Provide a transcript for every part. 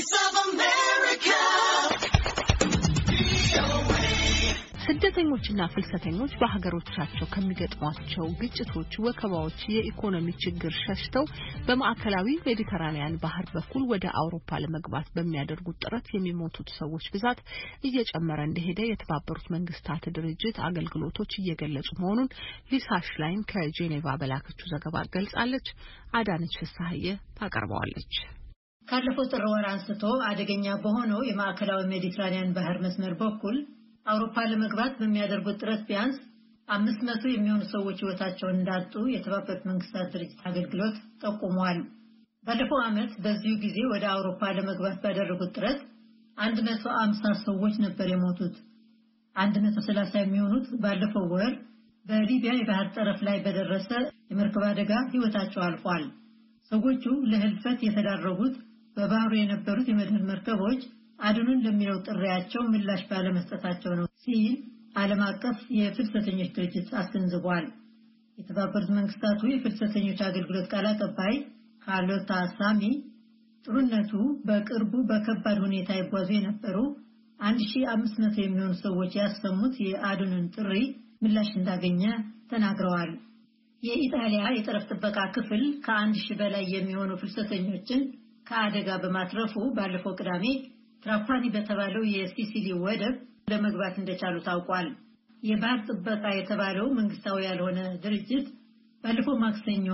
Voice of America. ስደተኞችና ፍልሰተኞች በሀገሮቻቸው ከሚገጥሟቸው ግጭቶች፣ ወከባዎች፣ የኢኮኖሚ ችግር ሸሽተው በማዕከላዊ ሜዲተራንያን ባህር በኩል ወደ አውሮፓ ለመግባት በሚያደርጉት ጥረት የሚሞቱት ሰዎች ብዛት እየጨመረ እንደሄደ የተባበሩት መንግስታት ድርጅት አገልግሎቶች እየገለጹ መሆኑን ሊሳ ሽላይን ከጄኔቫ በላከችው ዘገባ ገልጻለች። አዳነች ፍስሀዬ ታቀርበዋለች። ካለፈው ጥር ወር አንስቶ አደገኛ በሆነው የማዕከላዊ ሜዲትራኒያን ባህር መስመር በኩል አውሮፓ ለመግባት በሚያደርጉት ጥረት ቢያንስ አምስት መቶ የሚሆኑ ሰዎች ሕይወታቸውን እንዳጡ የተባበሩት መንግስታት ድርጅት አገልግሎት ጠቁሟል። ባለፈው ዓመት በዚሁ ጊዜ ወደ አውሮፓ ለመግባት ባደረጉት ጥረት 150 ሰዎች ነበር የሞቱት። 130 የሚሆኑት ባለፈው ወር በሊቢያ የባህር ጠረፍ ላይ በደረሰ የመርከብ አደጋ ሕይወታቸው አልፏል። ሰዎቹ ለህልፈት የተዳረጉት በባህሩ የነበሩት የመድህን መርከቦች አድኑን ለሚለው ጥሪያቸው ምላሽ ባለመስጠታቸው ነው ሲል ዓለም አቀፍ የፍልሰተኞች ድርጅት አስገንዝቧል። የተባበሩት መንግስታቱ የፍልሰተኞች አገልግሎት ቃል አቀባይ ካሎታ ሳሚ ጥሩነቱ በቅርቡ በከባድ ሁኔታ ይጓዙ የነበሩ 1500 የሚሆኑ ሰዎች ያሰሙት የአድኑን ጥሪ ምላሽ እንዳገኘ ተናግረዋል። የኢጣሊያ የጠረፍ ጥበቃ ክፍል ከአንድ ሺህ በላይ የሚሆኑ ፍልሰተኞችን ከአደጋ በማትረፉ ባለፈው ቅዳሜ ትራፓኒ በተባለው የሲሲሊ ወደብ ለመግባት እንደቻሉ ታውቋል። የባህር ጥበቃ የተባለው መንግስታዊ ያልሆነ ድርጅት ባለፈው ማክሰኞ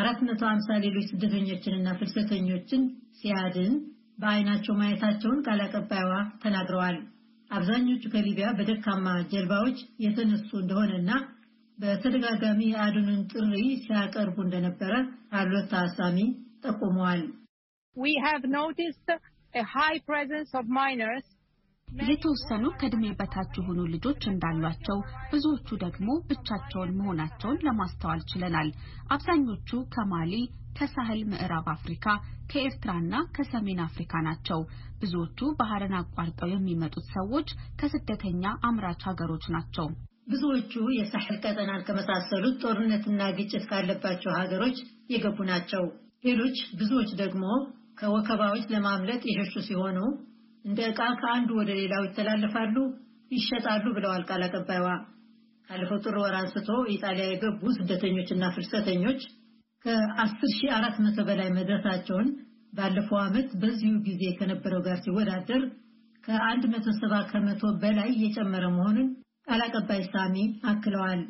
450 ሌሎች ስደተኞችንና ፍልሰተኞችን ሲያድን በአይናቸው ማየታቸውን ቃል አቀባይዋ ተናግረዋል። አብዛኞቹ ከሊቢያ በደካማ ጀልባዎች የተነሱ እንደሆነና በተደጋጋሚ የአድኑን ጥሪ ሲያቀርቡ እንደነበረ ካሎታ ታሳሚ ጠቁመዋል። የተወሰኑ ከዕድሜ በታች የሆኑ ልጆች እንዳሏቸው ብዙዎቹ ደግሞ ብቻቸውን መሆናቸውን ለማስተዋል ችለናል። አብዛኞቹ ከማሊ ከሳህል ምዕራብ አፍሪካ ከኤርትራና ከሰሜን አፍሪካ ናቸው። ብዙዎቹ ባህርን አቋርጠው የሚመጡት ሰዎች ከስደተኛ አምራች ሀገሮች ናቸው። ብዙዎቹ የሳህል ቀጠናን ከመሳሰሉት ጦርነትና ግጭት ካለባቸው ሀገሮች የገቡ ናቸው። ሌሎች ብዙዎች ደግሞ ከወከባዎች ለማምለጥ የሸሹ ሲሆኑ እንደ ዕቃ ከአንዱ ወደ ሌላው ይተላለፋሉ፣ ይሸጣሉ ብለዋል ቃል አቀባይዋ። ካለፈው ጥር ወር አንስቶ ኢጣሊያ የገቡ ስደተኞችና ፍልሰተኞች ከ10,400 በላይ መድረሳቸውን ባለፈው ዓመት በዚሁ ጊዜ ከነበረው ጋር ሲወዳደር ከ170 ከመቶ በላይ እየጨመረ መሆኑን ቃል አቀባይ ሳሚ አክለዋል።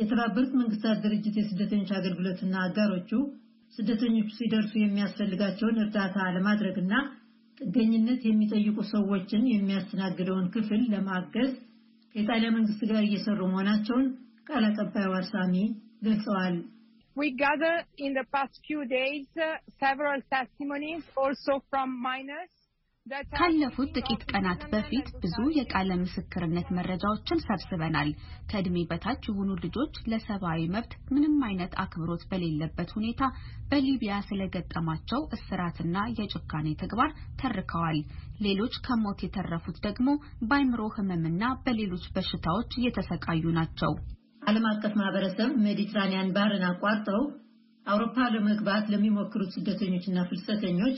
የተባበሩት መንግስታት ድርጅት የስደተኞች አገልግሎትና አጋሮቹ ስደተኞቹ ሲደርሱ የሚያስፈልጋቸውን እርዳታ ለማድረግና ጥገኝነት የሚጠይቁ ሰዎችን የሚያስተናግደውን ክፍል ለማገዝ ከኢጣሊያ መንግስት ጋር እየሰሩ መሆናቸውን ቃል አቀባዩ አሳሚ ገልጸዋል። We gather in the past few days uh, several testimonies also from minors. ካለፉት ጥቂት ቀናት በፊት ብዙ የቃለ ምስክርነት መረጃዎችን ሰብስበናል። ከእድሜ በታች የሆኑ ልጆች ለሰብአዊ መብት ምንም አይነት አክብሮት በሌለበት ሁኔታ በሊቢያ ስለገጠማቸው እስራትና የጭካኔ ተግባር ተርከዋል። ሌሎች ከሞት የተረፉት ደግሞ በአይምሮ ሕመምና በሌሎች በሽታዎች እየተሰቃዩ ናቸው። ዓለም አቀፍ ማህበረሰብ ሜዲትራኒያን ባህርን አቋርጠው አውሮፓ ለመግባት ለሚሞክሩት ስደተኞችና ፍልሰተኞች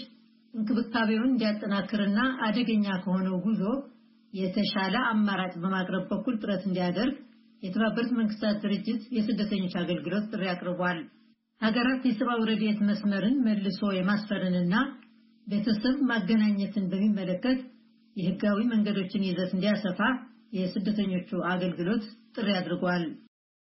እንክብካቤውን እንዲያጠናክርና አደገኛ ከሆነው ጉዞ የተሻለ አማራጭ በማቅረብ በኩል ጥረት እንዲያደርግ የተባበሩት መንግስታት ድርጅት የስደተኞች አገልግሎት ጥሪ አቅርቧል። ሀገራት የሰብአዊ ረድኤት መስመርን መልሶ የማስፈርንና ቤተሰብ ማገናኘትን በሚመለከት የህጋዊ መንገዶችን ይዘት እንዲያሰፋ የስደተኞቹ አገልግሎት ጥሪ አድርጓል።